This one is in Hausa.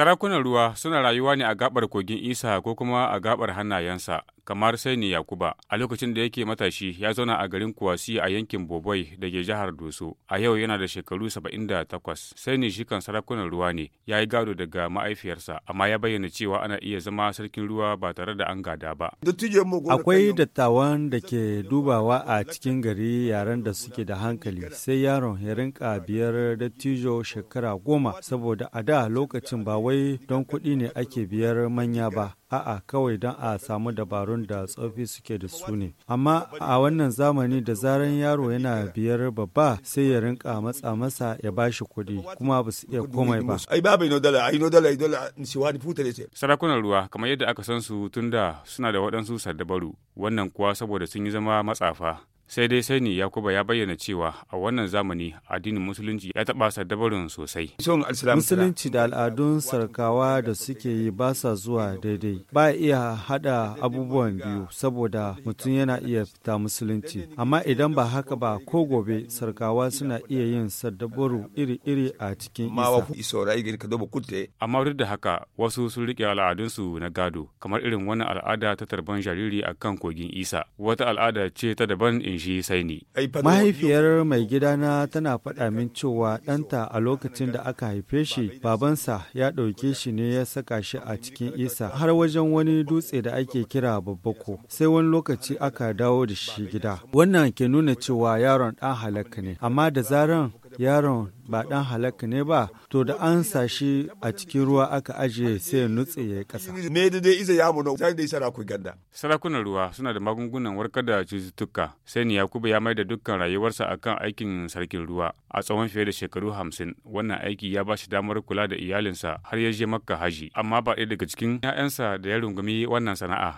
Sarakunan ruwa suna rayuwa ne a gabar kogin Isa ko kuma a gabar hannayensa kamar sai ne Yakuba a lokacin da yake matashi ya zauna a garin Kuwasi a yankin Boboi da ke jihar Doso. A yau yana da shekaru saba'in da 78. ne shi kan sarakunan ruwa ne, ya yi gado daga ma'aifiyarsa amma ya bayyana cewa ana iya zama sarkin ruwa ba tare da an gada ba. Akwai dattawan da ke dubawa a cikin gari yaren da suke da hankali sai yaron ya rinka biyar dattijo shekara goma saboda a da lokacin ba wai don kuɗi ne ake biyar manya ba a'a kawai don a samu dabarun da tsofi suke da su ne amma a wannan zamani da zaran yaro yana biyar babba sai ya rinka matsa masa ya bashi kuɗi kuma ba su iya komai ba sarakunan ruwa kamar yadda aka san su tunda suna da waɗansu sardabaru wannan kuwa saboda sun yi zama matsafa sai dai sai ne yakuba ya bayyana cewa a wannan zamani addinin musulunci ya taɓa sadabarin sosai musulunci da al'adun sarkawa da suke yi ba sa zuwa daidai ba iya hada abubuwan biyu saboda mutum yana iya fita musulunci amma idan ba haka ba ko gobe sarkawa suna iya yin sadabaru iri-iri a cikin isa amma duk da haka wasu sun riƙe al'adunsu na gado kamar irin wani al'ada ta tarban jariri a kan kogin isa wata al'ada ce ta daban in shi sai ni. Mahaifiyar mai gidana tana faɗa min cewa ɗanta a lokacin da aka haife shi babansa ya ɗauke shi ne ya saka shi a cikin isa har wajen wani dutse da ake kira babbako sai wani lokaci aka dawo da shi gida. Wannan ke nuna cewa yaron ɗan halakka ne amma da zaran yaron ba dan halakka ne ba to da an sashi a cikin ruwa aka ajiye sai nutse ya ƙasa. Sarakunan ruwa suna da magungunan warkar da cututtuka sai ni Yakubu ya mai da dukkan rayuwarsa akan aikin sarkin ruwa a tsawon fiye da shekaru hamsin wannan aiki ya ba shi damar kula da iyalinsa har ya je makka haji amma ba ɗaya daga cikin 'ya'yansa da ya rungumi wannan sana'a